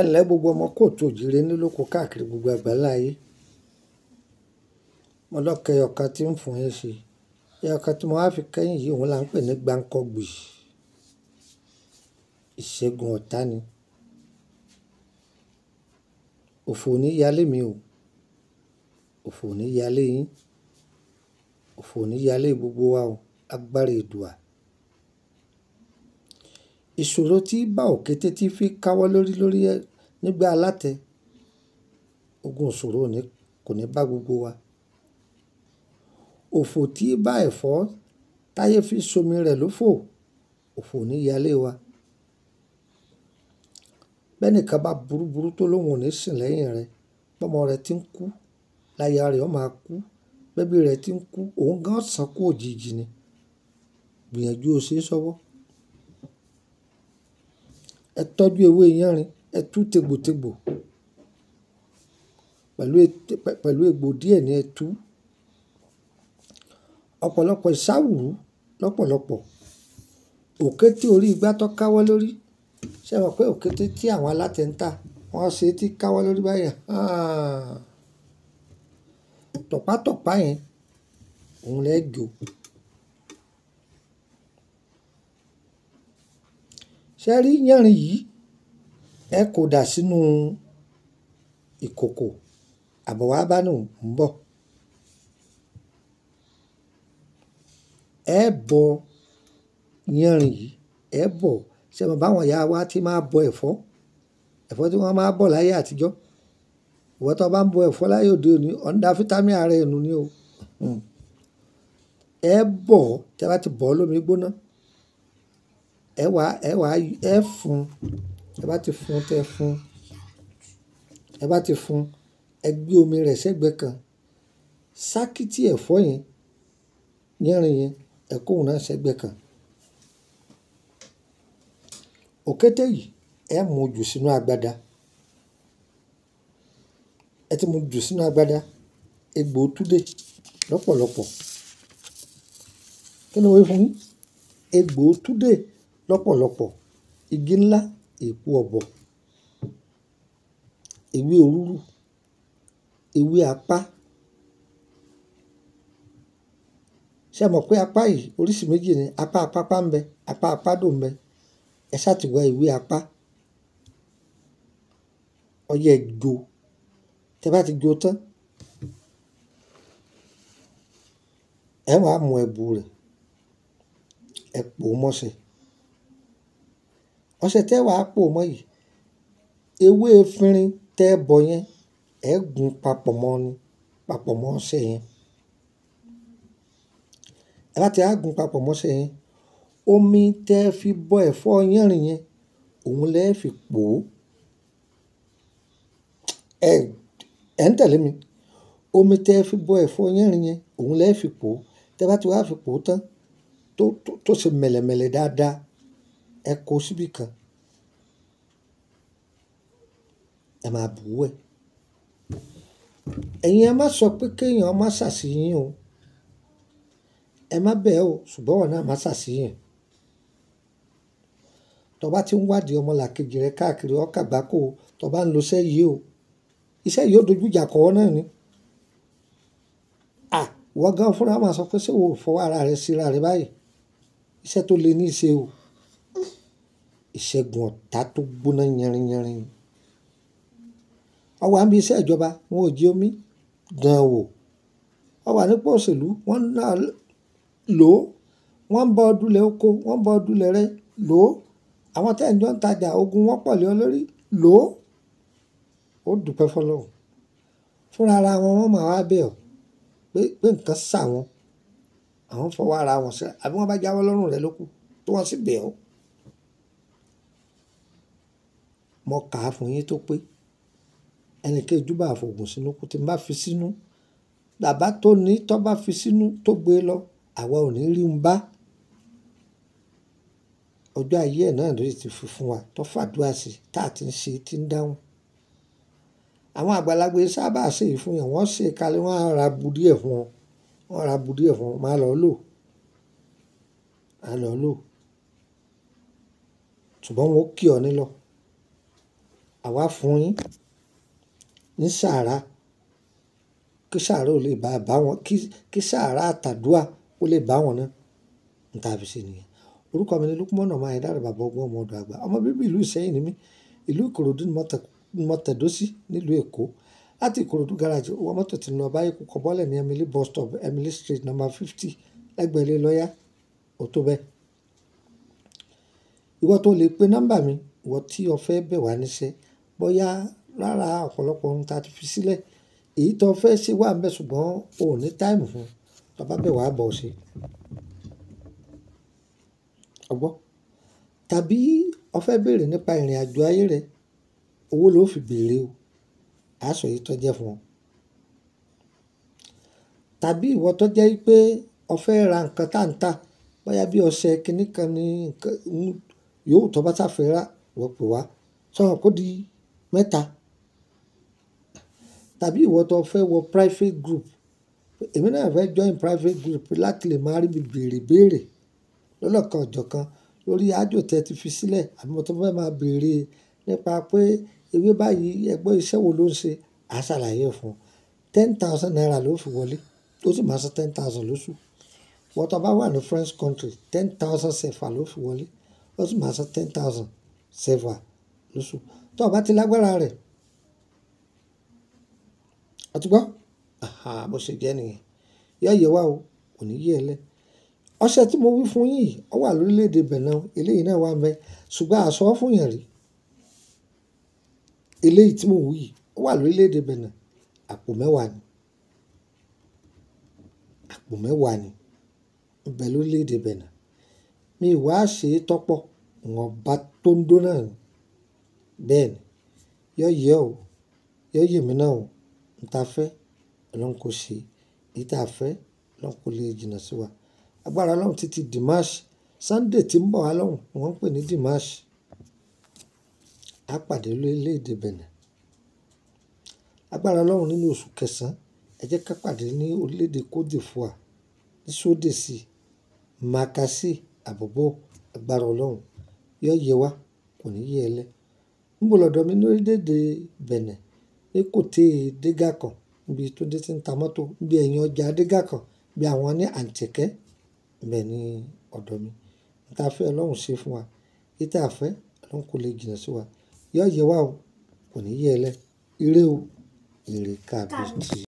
ẹlẹ́ gbogbo ọmọ kóòtù òjìrè nílòkù káàkiri gbogbo àgbáńlá ayé mo lọ́kẹ́ ọ̀ka tí ń fún yín ṣe ẹ̀ka tí mo wá fi kẹ́yìn yìí òun là ń pè ní gbáǹkọ́gbì ìṣẹ́gun ọ̀tá ni òfò ní yálé mi o òfò ní yálé yín òfò ní yálé gbogbo wa o agbára Èdùà. Ìṣòro tí bá òkété tí fi káwọ́ lórí lórí ẹ nígbà alátẹ. Ogun ìṣòro ni kò ní bá gbogbo wa. Òfò tí bá ẹ̀fọ́ táyé fi somi rẹ̀ ló fò, òfò ní yálé wa. Bẹ́ẹ̀ni kan bá burúburú tó lóhùn ò ní sìn lẹ́yìn rẹ̀. Bọ́mọ rẹ̀ tí ń kú, láya rẹ̀ ó máa kú. Bébí rẹ̀ tí ń kú, òun gan sán kú òjijì ni. Gbìyànjú o ṣe é ṣọ́wọ́ ẹ tọ́jú ewé yánrin ẹ tú tegbòtegbò e, pẹ̀lú egbò díẹ̀ ni ẹ tú ọ̀pọ̀lọpọ̀ ìsáwùrú lọ́pọ̀lọpọ̀ òkété orí igbá tó káwọ́ lórí ṣe mọ̀ pé òkété tí àwọn alátẹ̀ńtà wọ́n ṣe tí káwọ́ lórí báyìí tọ̀pátọ̀pá yẹn òun lẹ́ẹ̀ Ṣé rí yánrin yìí, ẹ kò dà sínú ìkòkò, àbọ̀ wá bá nù ń bọ̀. Ẹ bọ yánrin yìí, ẹ bọ̀. Ṣé mo bá àwọn ìyá wa tí máa bọ ẹ̀fọ́? Ẹ̀fọ́ tí wọ́n máa ń bọ̀ láyé àtijọ́. Ìwọ tó bá ń bọ ẹ̀fọ́ láyé òde òní, ò ń da fítámì ara ẹ nù ni o. Ẹ bọ̀, tí ẹ bá ti bọ̀ lómi gbóná ẹ wà ẹ wà ẹ fún ẹ bá ti fún tẹ fún ẹ bá ti fún ẹ gbé omi rẹ̀ sẹ́gbẹ́ kan sákìtì ẹ̀fọ́ yẹn yẹ́rin yẹn ẹ kóhun náà sẹ́gbẹ́ kan òkété yìí ẹ mú jù sínú agbada ẹ ti mú jù sínú agbada egbò túdé lọ́pọ̀lọpọ̀ kí ni wọ́n fún yín egbò túdé lọ́pọ̀lọpọ̀ igi ńlá, èpo ọ̀bọ̀, ewé orúrù, ewé apá. Ṣé ẹ mọ̀ pé apá yìí oríṣi méjì ni? Apá apápá ń bẹ, apá apádò ń bẹ. Ẹ sá ti wá ewé apá. Ọ̀yẹ ẹ jo. Tẹ bá ti jo tán, ẹ wá mú ẹbu rẹ̀, ẹ pòó mọ́sẹ̀ ọṣẹ tẹ́ wàá pò mọ́ yìí ewé efinrin tẹ́ bọ̀ yẹn ẹ̀ gùn papọ̀ mọ́ ni papọ̀ mọ́ ọṣẹ yẹn ẹ bá ti á yẹn omi tẹ́ fi bọ ẹ̀fọ́ yẹ́rìn yẹn òun lẹ́ fi pò ó ẹ ẹ ń tẹ̀lé mi omi tẹ́ fi bọ ẹ̀fọ́ yẹ́rìn yẹn òun lẹ́ fi pò ó tẹ́ bá ti wá fi pò ó tán tó tó tó ṣe mẹ̀lẹ̀mẹ̀lẹ̀ dáadáa ẹ kó síbì kan ẹ máa bù ú ẹ̀ ẹ̀yin ẹ má sọ pé kéèyàn má ṣàṣeyín o ẹ má bẹ̀ ẹ́ o ṣùgbọ́n wọn náà má ṣàṣeyín tó bá ti ń wádìí ọmọlàkejì rẹ káàkiri ọkà gbáko tó bá ń lo iṣẹ́ yìí o iṣẹ́ yìí ó dojú ìjà kọ́ náà ni à wọ́n gan fúnra máa sọ pé ṣé wo fọwọ́ ara rẹ síra rẹ báyìí iṣẹ́ tó le ní í ṣe o ìṣẹ́gun ọ̀tá tó gbóná yanrinyanrin ọwọ́ àmì iṣẹ́ ìjọba wọn ò jí omi gan wò ọwọ́ ànípò òṣèlú wọn náà lò ó wọ́n ń bọ ọdúnlẹ̀ oko wọ́n ń bọ ọdúnlẹ̀ rẹ lò ó àwọn tẹ́ ẹ̀ ń jọ ń tajà ogun wọ́n pọ̀ lé ọ lórí lò ó ó dùpẹ́ fọlọ́run fúnra ara wọn wọ́n máa wá bẹ̀ pé pé nǹkan sà wọn àwọn fọwọ́ ara wọn sẹ́ àbí wọ́n bá jáwọ́ lọ́rùn rẹ lókù tó wọ́n sì bẹ̀ ọ́. mo kà á fún yín tó pé ẹnì kejì bá fògùn sínú kú tí n bá fi sínú bàbá tó ní tó bá fi sínú tó gbé lọ àwa ò ní rí un bá ọjọ́ ayé ẹ̀ náà lóye ti fi fún wa tó fàdúrà sí tá a ti ń ṣe ti ń dáhùn àwọn àgbàlagbà sábà ṣe ìfúnyàn wọ́n ṣe kalẹ̀ wọ́n á budí ẹ̀ fún wọn wọ́n ra budí ẹ̀ fún wọn máa lọ lò á lọ lò ṣùgbọ́n wọn kí ọ nílọ àwa fún yín ní sàárà kí sàárà ò lè bá bá wọn kí kí sàárà àtàdúà ó lè bá wọn náà ní tá a fi ṣe nìyẹn orúkọ mi ni Lukman ọmọ Ayédáre bàbá ọgbọ́n ọmọ ọdọ àgbà ọmọ bíbí ìlú Ìṣẹ̀yìn ni mí ìlú Ìkòròdú ni mo tẹ̀dó sí nílùú Èkó láti Ìkòròdú garage owó mọ́tò ti lọ báyìí kò kọ́ ní Emily bus stop Emily street number fifty lẹ́gbẹ̀ẹ́lẹ́ lọ́yà ó tó bẹ́ẹ̀. ìwọ tó lè pe nọ́mbà mi ìwọ tí o fẹ́ bẹ̀ wá bóyá lára ọ̀pọ̀lọpọ̀ ohun ta ti fi sílẹ̀ èyí tó fẹ́ ṣe wà ń bẹ ṣùgbọ́n o ò ní táìmù fún un tó bá bẹ̀ wá bọ̀ ṣe. Ọgbọ́n tàbí o fẹ́ bèrè nípa ìrìnàjò ayé rẹ owó ló fi bèrè o, a sọ tó jẹ́ fún ọ. Tàbí ìwọ tó jẹ́ wípé o ra nǹkan táǹtà bóyá bí ọṣẹ kìnìkan ni nǹkan yòówù tó bá sá fẹ́ rà, ìwọ wá. Sọ mọ̀ di mẹ́ta. Tàbí ìwọ tó fẹ́ wọ private group, èmi náà fẹ́ join private group láti lè máa rí mi bèèrè bèèrè lọ́lọ́kan ọ̀jọ̀kan lórí àjò tí ẹ ti fi sílẹ̀ àbí mo tún fẹ́ máa bèèrè nípa pé ewé báyìí ẹgbẹ́ iṣẹ́ wo ló ń ṣe, a ṣàlàyé fún ọ. Ten thousand naira ló fi wọlé, tó sì máa san ten thousand lóṣù. Ìwọ tó bá wà ní French country, ten thousand sefa ló fi wọlé, ó sì máa san ten thousand sefa lóṣù tó o bá ti lágbára rẹ̀ Aha, bó ṣe jẹ́ nìyẹn yọ yẹ wá o kò ní yé ẹ lẹ ọṣẹ tí mo wí fún yìí ọ wà lórílẹ̀‐èdè Benin eléyìí náà wà mẹ ṣùgbọ́n àṣọ fún yàn rí eléyìí tí mo wí yìí ó wà lórílẹ̀‐èdè àpò mẹ́wàá ni àpò mẹ́wàá ni ń bẹ lórílẹ̀ mi ìwà ṣe é tọ́pọ̀ wọn bá tó ń dó náà ni. Bẹ́ẹ̀ni, yóò yẹ ọ́, yóò yè mí náà ó. Ohun ta fẹ́, Ọlọ́run kó ṣe. Èyí lè jìnnà sí wa. Agbára Ọlọ́run títí Dimash. Sunday tí ń bọ̀ wá lọ́hùn, wọ́n ń pè ní Dimash. A pàdé lórílẹ̀ èdè Benin. Agbára Ọlọ́run nínú oṣù kẹsàn-án, ẹ jẹ́ ní orílẹ̀ èdè Cote d'Ivoire, ní Sodesi, Makassi, Abobo. Agbára Ọlọ́run yóò yẹ wá, kò ní yẹ ẹ lẹ́. Níbo lọ̀dọ̀ mi ní orílẹ̀-èdè Benin, ní kòtè Dégàkàn níbi Tunde tí ń ta mọ́tò, níbi ẹ̀yìn ọjà Dégàkàn, bí àwọn ní àǹtẹ̀kẹ́. Ibẹ̀ ni ọ̀dọ̀ mi. Ohun ta fẹ́ Ọlọ́run ṣe fún wa. Èyí fẹ́ Ọlọ́run kò lè jìnnà sí wa. Yóò yẹ wá o, kò ní yẹ ẹ lẹ́. Iré o, èrè káàbọ̀sí.